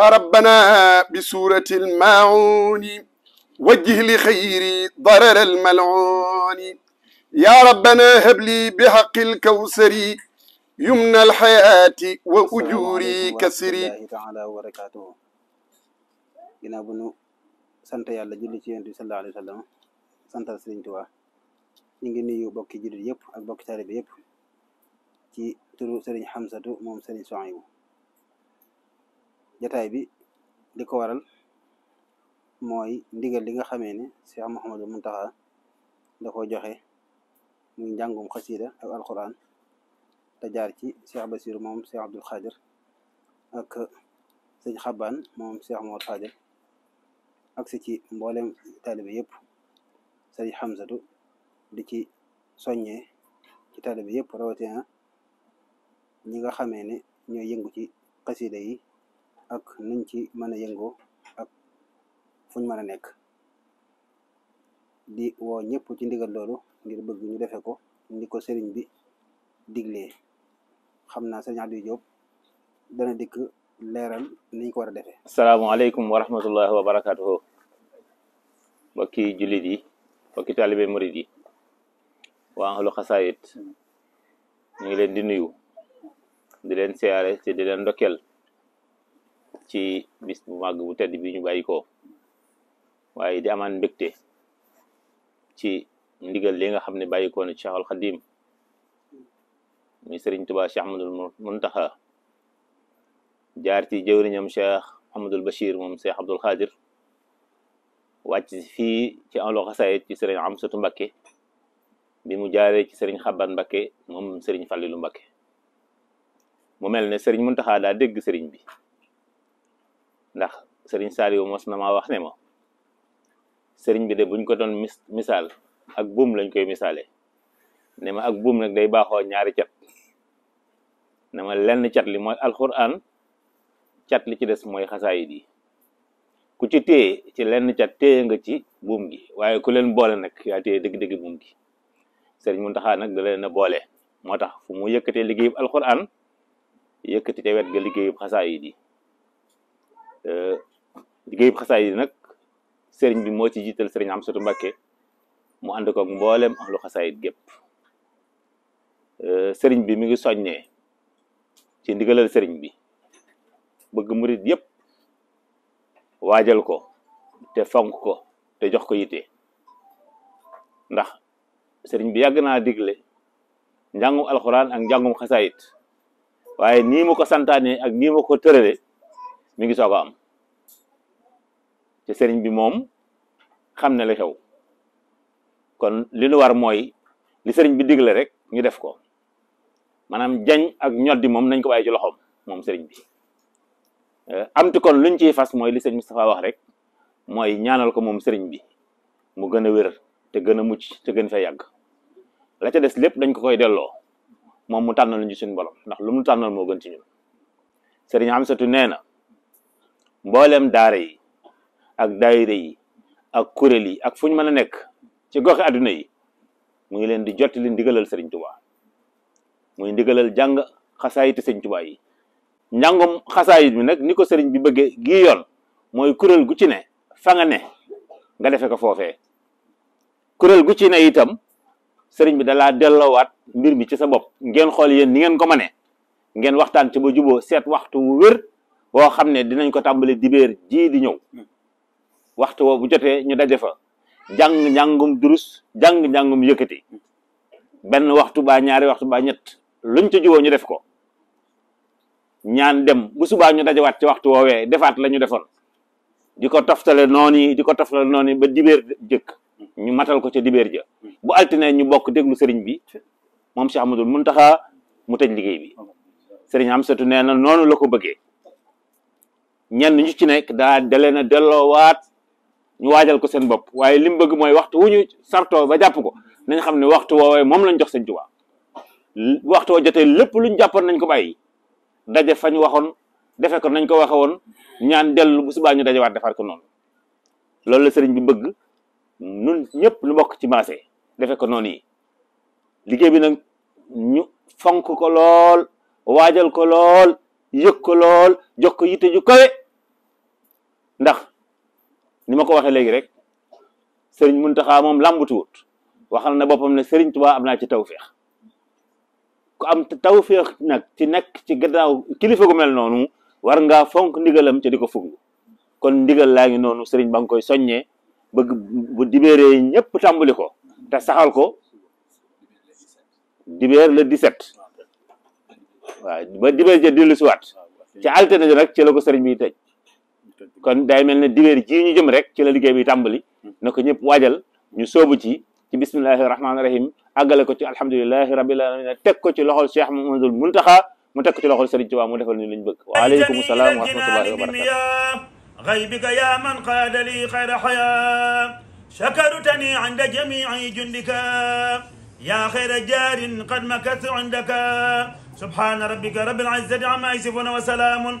yaa rabbana bi suurati almauni wajjih li xayri darara almaluni yaa rabbana habli bi xaqi alkawsari yumna alxayaati wa ujuri kasiri taala wa barakatuhu ginnaaw bu nu sant yàlla julli ci yonent bi sallallahu alayhi wa sallam santal Sëriñ Tuubaa ñu ngi nuyu bokki jullit yëpp ak bokki taalibe yëpp ci turu Sëriñ Xamsatu moom Sëriñ Suhaybu jataay bi di ko waral mooy ndigal li nga xamee ne Cheikh Mouhamadou Mountakha da ko joxe muy njàngum xasiida ak alquran te jaar ci Cheikh Basir moom Cheikh Abdoul Khadir ak sëñ Xabaan moom Cheikh Mouhamadou ak si ci mboolem taalibe yëpp sëñ Hamzatu di ci soññee ci taalibe yëpp rawatina ñi nga xamee ne ñooy yëngu ci xasiida yi ak nuñ ci mën a yëngoo ak fuñ mën nekk di woo ñëpp ci ndigal loolu ngir bëgg ñu defe ko ni ko sëriñ bi diglee xam naa sëriñ Abdou Diop dana dikk leeral niñ ko war a defe asalaamaaleykum wa rahmatullahi wa barakatuhu mbokki jullit yi mbokki taalibe murid waa ahlu xasaayit ñu ngi leen di nuyu di leen siyaare ci di leen ndokkeel ci bis bu màgg bu tedd bi ñu bàyyi ko waaye di amaan mbégte ci ndigal li nga xam ne bàyyi ko na Cheikh al Xadim muy Sëriñ Tuubaa Cheikh Ahmadul Muntaxa jaar ci jëwriñam Cheikh Ahmadul Bachir moom Cheikh Abdul Xaadir wàcc fi ci enlo xasaayit ci Sëriñ Amsatu Mbakke bi mu jaare ci Sëriñ Xaban Mbakke moom Sëriñ Fàllilu Mbakke mu mel ne Sëriñ Muntaxa daa dégg sëriñ bi ndax sëriñ Saliou mos na maa wax ne ma sëriñ bi de buñ ko doon mis misaal ak buum lañ koy misaale ne ma ak buum nag day baaxoo ñaari cat ne ma lenn cat li mooy alxuraan cat li ci des mooy xasaayid yi ku ci téye ci lenn cat téye nga ci buum gi waaye ku leen boole nag yaa téye dëgg buum gi sëriñ Muntaxa nag da leen a boole moo tax fu mu yëkkatee liggéeyub alxuraan yëkkati ca wet ga liggéeyub xasaayid yi Euh, liggéeyub xasaay yi nag sëriñ bi moo ci jiital sëriñ Amsatu Mbàkke mu ànd koog mboolem ahlu xasaayit gépp euh, sëriñ bi mu ngi soññee ci ndigalal sëriñ bi bëgg murit yépp waajal ko te fonk ko te jox ko yitte ndax sëriñ bi yàgg naa digle njàngum alxuraan ak njàngum xasaayit waaye nii ko santaane ak nii ma ko tërale mi ngi soog a am te sëriñ bi moom xam na li xew kon li nu war mooy li sëriñ bi digle rek ñu def ko maanaam jañ ak ñoddi moom nañ ko bàyyi ci loxoom moom sëriñ bi eh, amti kon luñ ciy fas mooy li sëriñ Moustapha wax rek mooy ñaanal ko moom sëriñ bi mu gën a wér te gën a mucc te gën fee yàgg la ca des lépp dañ ko koy delloo moom mu tànnal ñu suñu borom ndax lu mu tànnal moo gën ci ñun sëriñ Amsatu nee na mboolem daara yi ak daayira yi ak kuréel yi ak fu ñu mën a nekk ci goxe adduna yi mu ngi leen di jottali ndigalal sëriñ tubaa muy ndigalal jàng xasaayiti sëriñ tubaa yi njàngum xasaayit bi nag ni ko sëriñ bi bëggee gi yoon mooy kuréel gu ci ne fa nga ne nga defe ko foofee kuréel gu ci ne itam sëriñ bi dalaa delloowaat mbir mi ci sa bopp ngeen xool yéen ni ngeen ko mane ngeen waxtaan ci ba juboo seet waxtu wu wér boo xam ne dinañ ko tàmbali dibéer jii di ñëw hmm. waxtu woo bu jotee ñu daje fa jàng njàngum durus jàng njàngum yëkkati hmm. benn waxtu baa ñaari waxtu baa ñett luñ ca juboo ñu def ko ñaan dem bu subaa ñu waat ci waxtu woowee defaat la ñu defoon di ko toftale noonu yi di ko toftale noonu ba dibéer jëkk hmm. ñu matal ko ca dibéer ja bu altine ñu bokk déglu sëriñ bi moom Cheikh Ahmadul Muntaxa mu tëj liggéey bi sëriñ Amsatu nee na noonu la ko bëggee ñenn ñu ci nekk daal dalee na delloowaat ñu waajal ko seen bopp waaye li mu bëgg mooy waxtu wu ñu sartoo ba jàpp ko nañ xam ne waxtu woowee moom lañ jox seen Tuubaa waxtu woo jotee lépp luñ jàppoon nañ ko bay daje fañ waxoon defe ko nañ ko waxe woon ñaan dellu bu subaa ñu waat defar ko noonu loolu la sëriñ bi bëgg nun ñëpp lu bokk ci maase defe ko noonu yi liggéey bi na ñu fonk ko lool waajal ko lool yëg ko lool jox ko yitte ju ndax ni ma ko waxee léegi rek sëriñ Muntaxa moom làmbatuwut waxal na boppam ne sëriñ Tuubaa am naa ci feex ku am tawféex nag ci nekk ci gannaaw kilifa gu mel noonu war ngaa fonk ndigalam ci di ko fuglu kon ndigal laa ngi noonu sëriñ ba nga koy soññee bëgg bu dibéeree ñëpp tàmbali ko te saxal ko dibéer le 17 waaw ba dibéer ja dellu siwaat ci altine rek ci la ko sëriñ bi tëj kon day mel ne dibeer ji ñu jëm rek ci la liggéey bi tàmbali hmm. na ko ñëpp waajal ñu soobu ci ci bismillahi rahmaani rahim àggale ko ci alhamdulilahi rabbil alamin teg ko ci loxol cheikh mahamadul muntaxa mu teg ko ci loxol sëriñ Tuubaa mu defal ñu liñ bëgg wa aleykum salaam wa rahmatullahi wa barakatu غيبك يا من قاد لي خير حياة شكرتني عند جميع جندك يا خير جار قد مكثت عندك سبحان ربك رب العزة عما يصفون وسلام